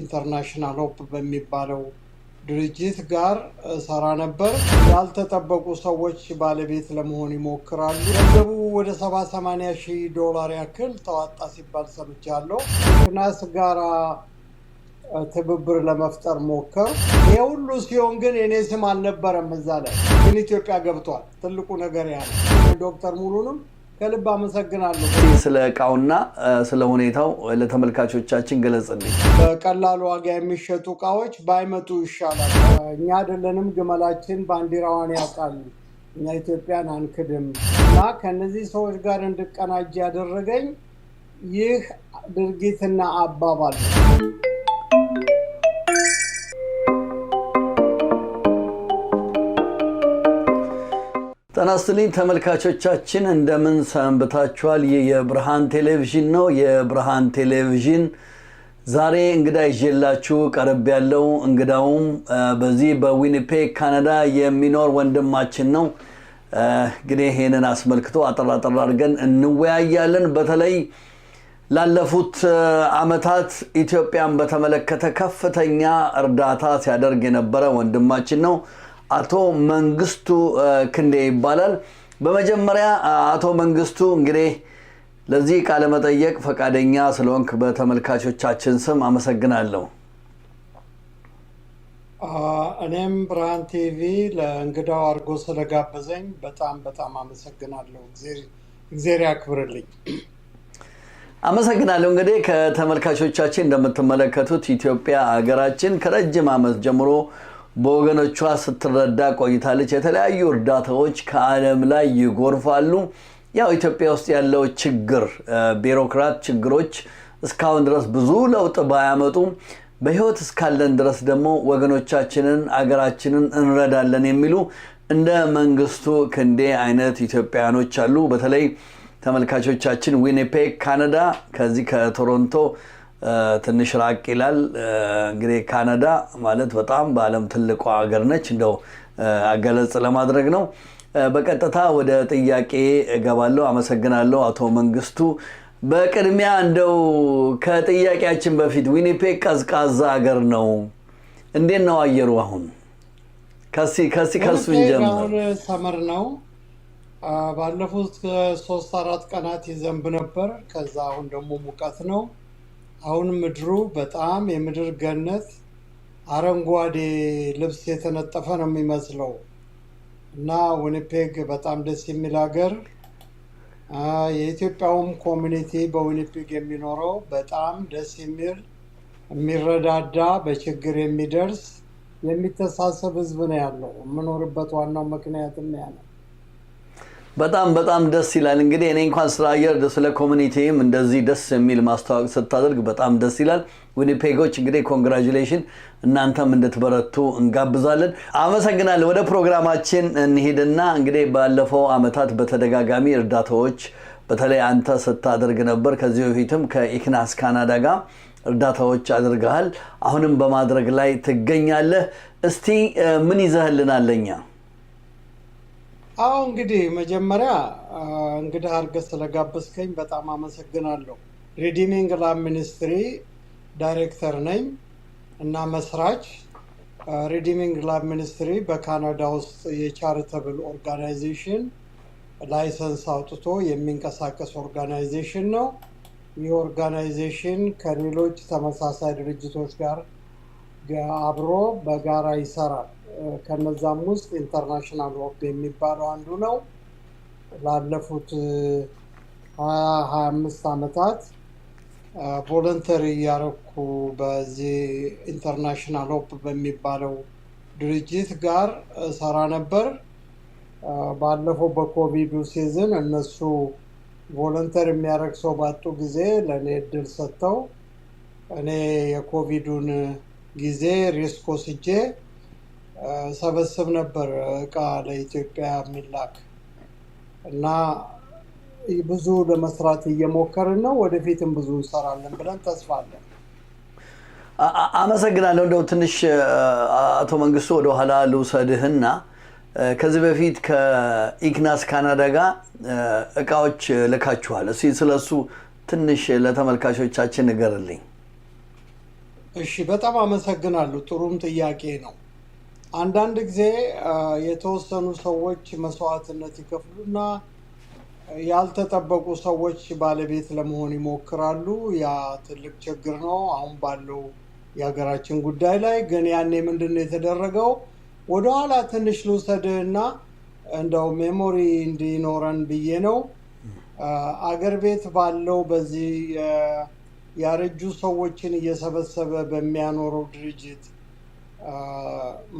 ኢንተርናሽናል ሆፕ በሚባለው ድርጅት ጋር ሰራ ነበር። ያልተጠበቁ ሰዎች ባለቤት ለመሆን ይሞክራሉ። ገንዘቡ ወደ ሰባ ሰማንያ ሺህ ዶላር ያክል ተዋጣ ሲባል ሰምቻለሁ። ናስ ጋራ ትብብር ለመፍጠር ሞከር። ይህ ሁሉ ሲሆን ግን የኔ ስም አልነበረም እዛ ላይ፣ ግን ኢትዮጵያ ገብቷል። ትልቁ ነገር ያለ ዶክተር ሙሉንም ከልብ አመሰግናለሁ። ስለ እቃውና ስለ ሁኔታው ለተመልካቾቻችን ገለጽልኝ። በቀላል ዋጋ የሚሸጡ እቃዎች ባይመጡ ይሻላል። እኛ አይደለንም ግመላችን ባንዲራዋን ያውቃል። እኛ ኢትዮጵያን አንክድም እና ከነዚህ ሰዎች ጋር እንድቀናጅ ያደረገኝ ይህ ድርጊትና አባባል ጤና ይስጥልኝ ተመልካቾቻችን፣ እንደምን ሰንብታችኋል? ይህ የብርሃን ቴሌቪዥን ነው። የብርሃን ቴሌቪዥን ዛሬ እንግዳ ይዤላችሁ ቀረብ ያለው እንግዳውም በዚህ በዊኒፔግ ካናዳ የሚኖር ወንድማችን ነው። እንግዲህ ይህንን አስመልክቶ አጠር አጠር አድርገን እንወያያለን። በተለይ ላለፉት ዓመታት ኢትዮጵያን በተመለከተ ከፍተኛ እርዳታ ሲያደርግ የነበረ ወንድማችን ነው። አቶ መንግስቱ ክንዴ ይባላል። በመጀመሪያ አቶ መንግስቱ እንግዲህ ለዚህ ቃለ መጠየቅ ፈቃደኛ ስለሆንክ በተመልካቾቻችን ስም አመሰግናለሁ። እኔም ብርሃን ቲቪ ለእንግዳው አድርጎ ስለጋበዘኝ በጣም በጣም አመሰግናለሁ። እግዜር ያክብርልኝ። አመሰግናለሁ። እንግዲህ ከተመልካቾቻችን እንደምትመለከቱት ኢትዮጵያ ሀገራችን ከረጅም ዓመት ጀምሮ በወገኖቿ ስትረዳ ቆይታለች። የተለያዩ እርዳታዎች ከዓለም ላይ ይጎርፋሉ። ያው ኢትዮጵያ ውስጥ ያለው ችግር ቢሮክራት ችግሮች እስካሁን ድረስ ብዙ ለውጥ ባያመጡ በሕይወት እስካለን ድረስ ደግሞ ወገኖቻችንን አገራችንን እንረዳለን የሚሉ እንደ መንግስቱ ክንዴ አይነት ኢትዮጵያውያኖች አሉ። በተለይ ተመልካቾቻችን ዊኒፔግ ካናዳ፣ ከዚህ ከቶሮንቶ ትንሽ ራቅ ይላል። እንግዲህ ካናዳ ማለት በጣም በዓለም ትልቋ ሀገር ነች። እንደው አገለጽ ለማድረግ ነው። በቀጥታ ወደ ጥያቄ እገባለሁ። አመሰግናለሁ አቶ መንግስቱ። በቅድሚያ እንደው ከጥያቄያችን በፊት ዊኒፔግ ቀዝቃዛ ሀገር ነው፣ እንዴት ነው አየሩ? አሁን ከሲ ከሲ ከሱ እንጀምር። ሰመር ነው። ባለፉት ሶስት አራት ቀናት ይዘንብ ነበር። ከዛ አሁን ደግሞ ሙቀት ነው። አሁን ምድሩ በጣም የምድር ገነት አረንጓዴ ልብስ የተነጠፈ ነው የሚመስለው እና ዊኒፔግ በጣም ደስ የሚል ሀገር የኢትዮጵያውም ኮሚኒቲ በዊኒፔግ የሚኖረው በጣም ደስ የሚል የሚረዳዳ፣ በችግር የሚደርስ የሚተሳሰብ ህዝብ ነው ያለው። የምኖርበት ዋናው ምክንያትም ያ ነው። በጣም በጣም ደስ ይላል። እንግዲህ እኔ እንኳን ስለ አየር ስለ ኮሚኒቲም እንደዚህ ደስ የሚል ማስተዋወቅ ስታደርግ በጣም ደስ ይላል። ዊኒፔጎች እንግዲህ ኮንግራሌሽን እናንተም እንድትበረቱ እንጋብዛለን። አመሰግናለን ወደ ፕሮግራማችን እንሂድና እንግዲህ ባለፈው አመታት በተደጋጋሚ እርዳታዎች በተለይ አንተ ስታደርግ ነበር። ከዚህ በፊትም ከኢክናስ ካናዳ ጋር እርዳታዎች አድርገሃል። አሁንም በማድረግ ላይ ትገኛለህ። እስቲ ምን ይዘህልናለኛ? አዎ እንግዲህ መጀመሪያ እንግዲህ አድርገህ ስለጋበዝከኝ በጣም አመሰግናለሁ። ሪዲሚንግ ላብ ሚኒስትሪ ዳይሬክተር ነኝ እና መስራች። ሪዲሚንግ ላብ ሚኒስትሪ በካናዳ ውስጥ የቻሪተብል ኦርጋናይዜሽን ላይሰንስ አውጥቶ የሚንቀሳቀስ ኦርጋናይዜሽን ነው። ይህ ኦርጋናይዜሽን ከሌሎች ተመሳሳይ ድርጅቶች ጋር አብሮ በጋራ ይሰራል። ከነዛም ውስጥ ኢንተርናሽናል ወርድ የሚባለው አንዱ ነው። ላለፉት ሀያ ሀያ አምስት ዓመታት ቮለንተሪ እያረኩ በዚህ ኢንተርናሽናል ሆፕ በሚባለው ድርጅት ጋር ሰራ ነበር። ባለፈው በኮቪዱ ሲዝን እነሱ ቮለንተር የሚያደርግ ሰው ባጡ ጊዜ ለእኔ እድል ሰጥተው እኔ የኮቪዱን ጊዜ ሪስክ ወስጄ ሰበስብ ነበር እቃ ለኢትዮጵያ የሚላክ እና ብዙ ለመስራት እየሞከርን ነው። ወደፊትም ብዙ እንሰራለን ብለን ተስፋ አለን። አመሰግናለሁ። እንደው ትንሽ አቶ መንግስቱ ወደኋላ ልውሰድህና ከዚህ በፊት ከኢግናስ ካናዳ ጋር እቃዎች ልካችኋል። እስኪ ስለሱ ትንሽ ለተመልካቾቻችን ንገርልኝ። እሺ፣ በጣም አመሰግናለሁ። ጥሩም ጥያቄ ነው። አንዳንድ ጊዜ የተወሰኑ ሰዎች መስዋዕትነት ይከፍሉና ያልተጠበቁ ሰዎች ባለቤት ለመሆን ይሞክራሉ። ያ ትልቅ ችግር ነው። አሁን ባለው የሀገራችን ጉዳይ ላይ ግን ያኔ ምንድን ነው የተደረገው? ወደኋላ ትንሽ ልውሰድህ እና እንደው ሜሞሪ እንዲኖረን ብዬ ነው። አገር ቤት ባለው በዚህ ያረጁ ሰዎችን እየሰበሰበ በሚያኖረው ድርጅት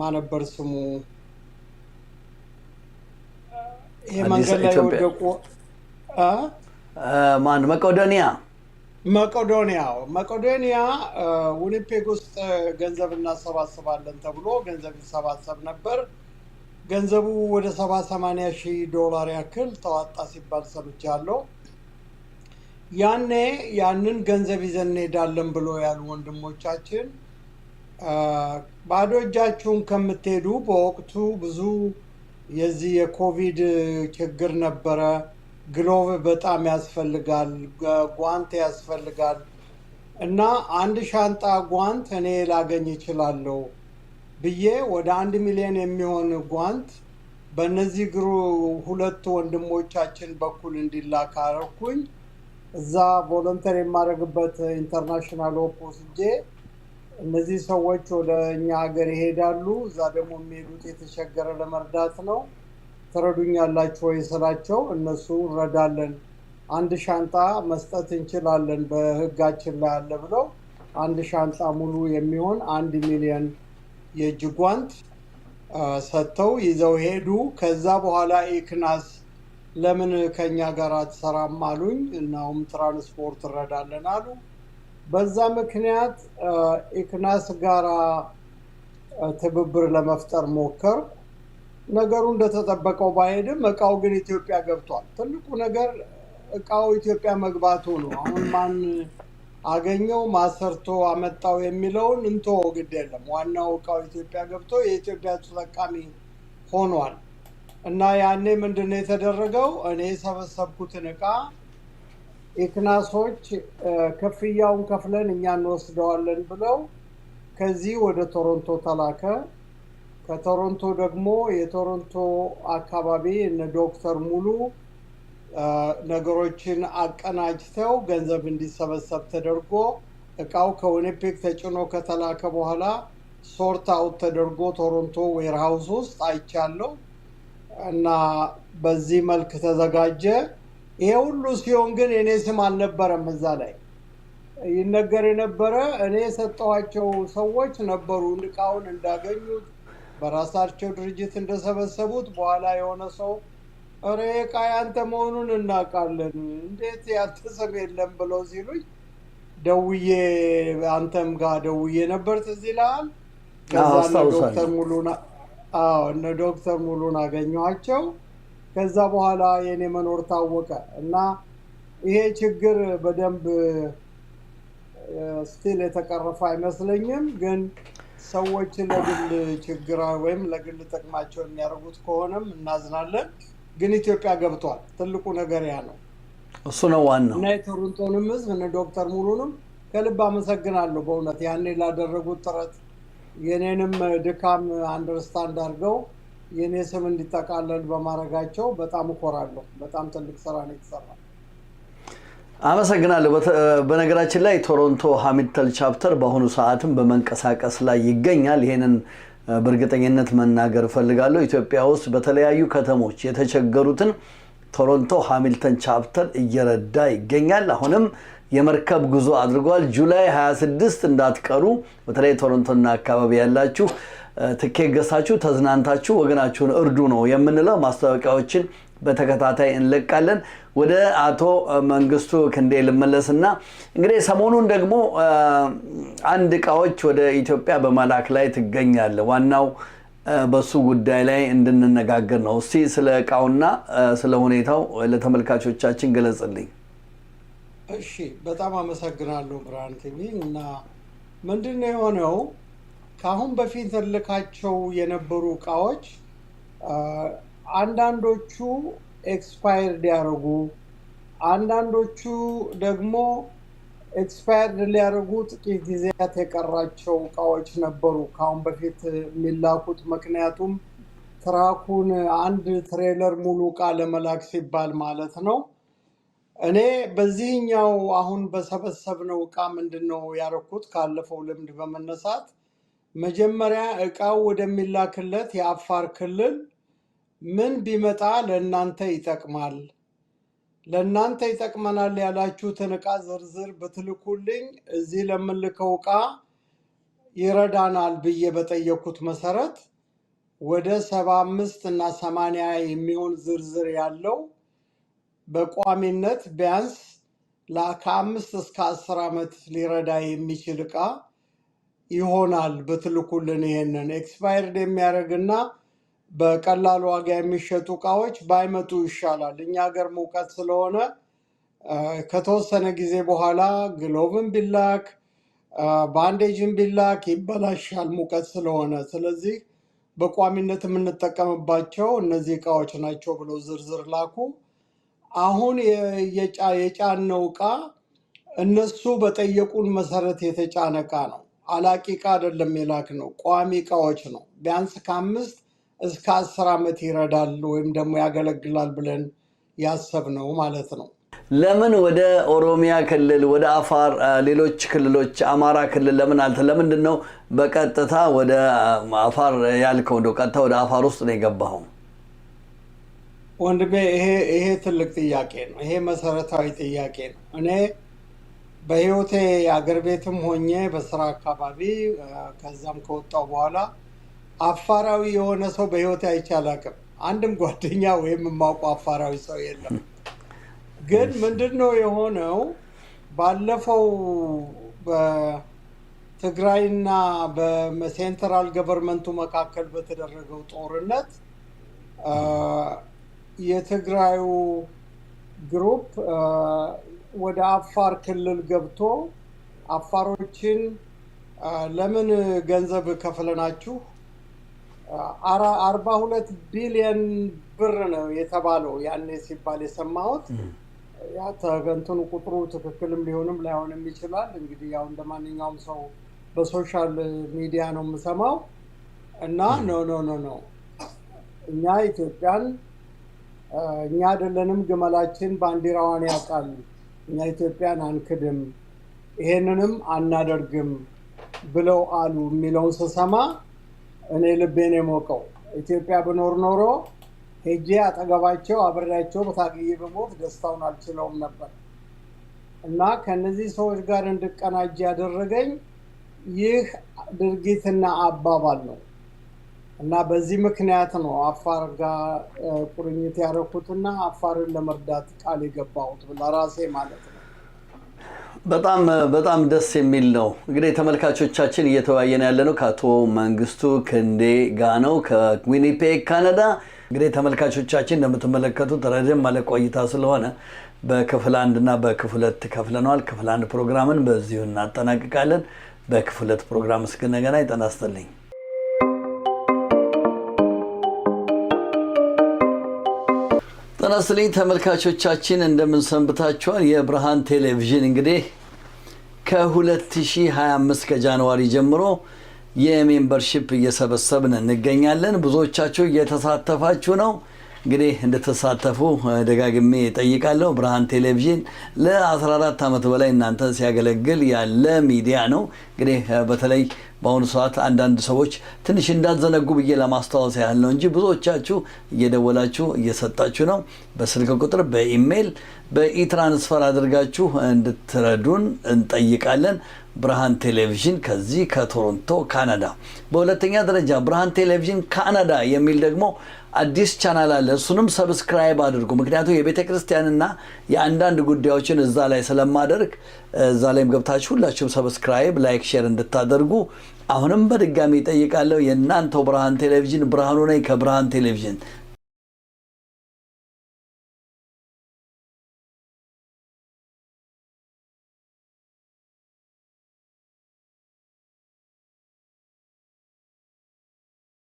ማነበር ስሙ ይሄ መንገድ ላይ ወደቁ ማን መቄዶንያ መቄዶንያ መቄዶንያ ውኒፔግ ውስጥ ገንዘብ እናሰባስባለን ተብሎ ገንዘብ ይሰባሰብ ነበር። ገንዘቡ ወደ ሰባ ሰማንያ ሺ ዶላር ያክል ተዋጣ ሲባል ሰምቻለሁ። ያኔ ያንን ገንዘብ ይዘን እንሄዳለን ብሎ ያሉ ወንድሞቻችን ባዶ እጃችሁን ከምትሄዱ በወቅቱ ብዙ የዚህ የኮቪድ ችግር ነበረ። ግሎቭ በጣም ያስፈልጋል፣ ጓንት ያስፈልጋል። እና አንድ ሻንጣ ጓንት እኔ ላገኝ እችላለሁ ብዬ ወደ አንድ ሚሊዮን የሚሆን ጓንት በእነዚህ ግሩ ሁለት ወንድሞቻችን በኩል እንዲላክ አደረኩኝ። እዛ ቮለንተር የማደርግበት ኢንተርናሽናል ኦፖስ እነዚህ ሰዎች ወደ እኛ ሀገር ይሄዳሉ። እዛ ደግሞ የሚሄዱት የተቸገረ ለመርዳት ነው። ትረዱኛላችሁ ወይ ስላቸው፣ እነሱ እንረዳለን፣ አንድ ሻንጣ መስጠት እንችላለን፣ በህጋችን ላይ አለ ብለው አንድ ሻንጣ ሙሉ የሚሆን አንድ ሚሊዮን የእጅ ጓንት ሰጥተው ይዘው ሄዱ። ከዛ በኋላ ኢክናስ ለምን ከኛ ጋር አትሰራም አሉኝ። እናውም ትራንስፖርት እረዳለን አሉ። በዛ ምክንያት ኢክናስ ጋራ ትብብር ለመፍጠር ሞከር። ነገሩ እንደተጠበቀው ባይሄድም እቃው ግን ኢትዮጵያ ገብቷል። ትልቁ ነገር እቃው ኢትዮጵያ መግባቱ ነው። አሁን ማን አገኘው ማሰርቶ አመጣው የሚለውን እንቶ ግድ የለም። ዋናው እቃው ኢትዮጵያ ገብቶ የኢትዮጵያ ተጠቃሚ ሆኗል እና ያኔ ምንድነው የተደረገው? እኔ የሰበሰብኩትን እቃ ኤክናሶች ክፍያውን ከፍለን እኛ እንወስደዋለን ብለው ከዚህ ወደ ቶሮንቶ ተላከ። ከቶሮንቶ ደግሞ የቶሮንቶ አካባቢ እነ ዶክተር ሙሉ ነገሮችን አቀናጅተው ገንዘብ እንዲሰበሰብ ተደርጎ እቃው ከዊኒፔግ ተጭኖ ከተላከ በኋላ ሶርት አውት ተደርጎ ቶሮንቶ ዌርሃውስ ውስጥ አይቻለሁ እና በዚህ መልክ ተዘጋጀ። ይሄ ሁሉ ሲሆን ግን እኔ ስም አልነበረም እዛ ላይ ይነገር የነበረ እኔ የሰጠኋቸው ሰዎች ነበሩ እቃውን እንዳገኙት በራሳቸው ድርጅት እንደሰበሰቡት በኋላ የሆነ ሰው ኧረ ቃ ያንተ መሆኑን እናውቃለን እንዴት ያንተ ስም የለም ብለው ሲሉኝ ደውዬ አንተም ጋር ደውዬ ነበር ትዝ ይልሃል ከዛ ዶክተር ሙሉን እነ ዶክተር ሙሉን አገኘኋቸው ከዛ በኋላ የእኔ መኖር ታወቀ እና ይሄ ችግር በደንብ ስቲል የተቀረፈ አይመስለኝም። ግን ሰዎች ለግል ችግር ወይም ለግል ጥቅማቸው የሚያደርጉት ከሆነም እናዝናለን። ግን ኢትዮጵያ ገብቷል። ትልቁ ነገር ያ ነው። እሱ ነው ዋናው። እና የቶሮንቶንም ህዝብ እነ ዶክተር ሙሉንም ከልብ አመሰግናለሁ በእውነት ያኔ ላደረጉት ጥረት የኔንም ድካም አንደርስታንድ አድርገው የእኔ ስም እንዲጠቃለል በማድረጋቸው በጣም እኮራለሁ። በጣም ትልቅ ስራ ነው የተሰራ። አመሰግናለሁ። በነገራችን ላይ ቶሮንቶ ሃሚልተን ቻፕተር በአሁኑ ሰዓትም በመንቀሳቀስ ላይ ይገኛል። ይህንን በእርግጠኝነት መናገር እፈልጋለሁ። ኢትዮጵያ ውስጥ በተለያዩ ከተሞች የተቸገሩትን ቶሮንቶ ሃሚልተን ቻፕተር እየረዳ ይገኛል። አሁንም የመርከብ ጉዞ አድርጓል። ጁላይ 26 እንዳትቀሩ፣ በተለይ ቶሮንቶና አካባቢ ያላችሁ ትኬት ገሳችሁ ተዝናንታችሁ ወገናችሁን እርዱ ነው የምንለው። ማስታወቂያዎችን በተከታታይ እንለቃለን። ወደ አቶ መንግስቱ ክንዴ ልመለስና እንግዲህ ሰሞኑን ደግሞ አንድ እቃዎች ወደ ኢትዮጵያ በመላክ ላይ ትገኛለ። ዋናው በሱ ጉዳይ ላይ እንድንነጋገር ነው። እስቲ ስለ እቃውና ስለ ሁኔታው ለተመልካቾቻችን ገለጽልኝ። እሺ በጣም አመሰግናለሁ ብርሃን ቲቪ እና ምንድን ነው የሆነው ከአሁን በፊት እልካቸው የነበሩ እቃዎች አንዳንዶቹ ኤክስፓየርድ ያደረጉ አንዳንዶቹ ደግሞ ኤክስፓየርድ ሊያደርጉ ጥቂት ጊዜያት የቀራቸው እቃዎች ነበሩ ከአሁን በፊት የሚላኩት። ምክንያቱም ትራኩን አንድ ትሬለር ሙሉ እቃ ለመላክ ሲባል ማለት ነው እኔ በዚህኛው አሁን በሰበሰብነው እቃ ምንድን ነው ያደረኩት? ካለፈው ልምድ በመነሳት መጀመሪያ እቃው ወደሚላክለት የአፋር ክልል ምን ቢመጣ ለእናንተ ይጠቅማል፣ ለእናንተ ይጠቅመናል ያላችሁትን እቃ ዝርዝር ብትልኩልኝ እዚህ ለምልከው እቃ ይረዳናል ብዬ በጠየኩት መሰረት ወደ ሰባ አምስት እና ሰማንያ የሚሆን ዝርዝር ያለው በቋሚነት ቢያንስ ከአምስት እስከ አስር ዓመት ሊረዳ የሚችል እቃ ይሆናል ብትልኩልን። ይሄንን ኤክስፓየርድ የሚያደርግና በቀላል ዋጋ የሚሸጡ እቃዎች ባይመጡ ይሻላል። እኛ ሀገር ሙቀት ስለሆነ ከተወሰነ ጊዜ በኋላ ግሎብን ቢላክ ባንዴጅን ቢላክ ይበላሻል ሙቀት ስለሆነ። ስለዚህ በቋሚነት የምንጠቀምባቸው እነዚህ እቃዎች ናቸው ብለው ዝርዝር ላኩ። አሁን የጫነው እቃ እነሱ በጠየቁን መሰረት የተጫነ እቃ ነው። አላቂ እቃ አይደለም የላክ ነው። ቋሚ እቃዎች ነው። ቢያንስ ከአምስት እስከ አስር ዓመት ይረዳል ወይም ደግሞ ያገለግላል ብለን ያሰብነው ማለት ነው። ለምን ወደ ኦሮሚያ ክልል ወደ አፋር፣ ሌሎች ክልሎች አማራ ክልል ለምን አልተ ለምንድን ነው በቀጥታ ወደ አፋር ያልከው? እንደው ቀጥታ ወደ አፋር ውስጥ ነው የገባኸው? ወንድሜ ይሄ ይሄ ትልቅ ጥያቄ ነው። ይሄ መሰረታዊ ጥያቄ ነው። እኔ በህይወቴ አገር ቤትም ሆኜ በስራ አካባቢ ከዛም ከወጣው በኋላ አፋራዊ የሆነ ሰው በህይወቴ አይቻላቅም። አንድም ጓደኛ ወይም የማውቁ አፋራዊ ሰው የለም። ግን ምንድን ነው የሆነው? ባለፈው በትግራይና በሴንትራል ገቨርንመንቱ መካከል በተደረገው ጦርነት የትግራዩ ግሩፕ ወደ አፋር ክልል ገብቶ አፋሮችን ለምን ገንዘብ ከፍለናችሁ አርባ ሁለት ቢሊየን ብር ነው የተባለው ያኔ ሲባል የሰማሁት ያ ተገንትኑ ቁጥሩ ትክክልም ሊሆንም ላይሆንም ይችላል። እንግዲህ ያው እንደ ማንኛውም ሰው በሶሻል ሚዲያ ነው የምሰማው እና ኖ ኖ ኖ ኖ እኛ ኢትዮጵያን እኛ አይደለንም ግመላችን ባንዲራዋን ያውቃል፣ እኛ ኢትዮጵያን አንክድም፣ ይሄንንም አናደርግም ብለው አሉ የሚለውን ስሰማ እኔ ልቤን የሞቀው ኢትዮጵያ ብኖር ኖሮ ሄጄ አጠገባቸው አብሬያቸው በታግዬ በሞት ደስታውን አልችለውም ነበር እና ከነዚህ ሰዎች ጋር እንድቀናጅ ያደረገኝ ይህ ድርጊትና አባባል ነው። እና በዚህ ምክንያት ነው አፋር ጋር ቁርኝት ያደረኩትና አፋርን ለመርዳት ቃል የገባሁት ብላ ራሴ ማለት ነው። በጣም በጣም ደስ የሚል ነው። እንግዲህ ተመልካቾቻችን እየተወያየን ያለ ነው ከአቶ መንግስቱ ክንዴ ጋ ነው ከዊኒፔግ ካናዳ። እንግዲህ ተመልካቾቻችን እንደምትመለከቱት ረጅም ማለት ቆይታ ስለሆነ በክፍል አንድ እና በክፍል ሁለት ከፍለነዋል። ክፍል አንድ ፕሮግራምን በዚሁ እናጠናቅቃለን። በክፍል ሁለት ፕሮግራም እስክነገና ይጠናስተልኝ ጤና ይስጥልኝ ተመልካቾቻችን፣ እንደምንሰንብታችኋል። የብርሃን ቴሌቪዥን እንግዲህ ከ2025 ከጃንዋሪ ጀምሮ የሜምበርሺፕ እየሰበሰብን እንገኛለን። ብዙዎቻችሁ እየተሳተፋችሁ ነው። እንግዲህ እንድትሳተፉ ደጋግሜ ጠይቃለሁ። ብርሃን ቴሌቪዥን ለ14 ዓመት በላይ እናንተ ሲያገለግል ያለ ሚዲያ ነው። እንግዲህ በተለይ በአሁኑ ሰዓት አንዳንድ ሰዎች ትንሽ እንዳትዘነጉ ብዬ ለማስታወስ ያህል ነው እንጂ ብዙዎቻችሁ እየደወላችሁ እየሰጣችሁ ነው። በስልክ ቁጥር፣ በኢሜይል፣ በኢትራንስፈር አድርጋችሁ እንድትረዱን እንጠይቃለን። ብርሃን ቴሌቪዥን ከዚህ ከቶሮንቶ ካናዳ። በሁለተኛ ደረጃ ብርሃን ቴሌቪዥን ካናዳ የሚል ደግሞ አዲስ ቻናል አለ። እሱንም ሰብስክራይብ አድርጉ። ምክንያቱም የቤተ ክርስቲያንና የአንዳንድ ጉዳዮችን እዛ ላይ ስለማደርግ እዛ ላይም ገብታችሁ ሁላችሁም ሰብስክራይብ፣ ላይክ፣ ሼር እንድታደርጉ አሁንም በድጋሚ ይጠይቃለሁ። የእናንተው ብርሃን ቴሌቪዥን ብርሃኑ ነኝ ከብርሃን ቴሌቪዥን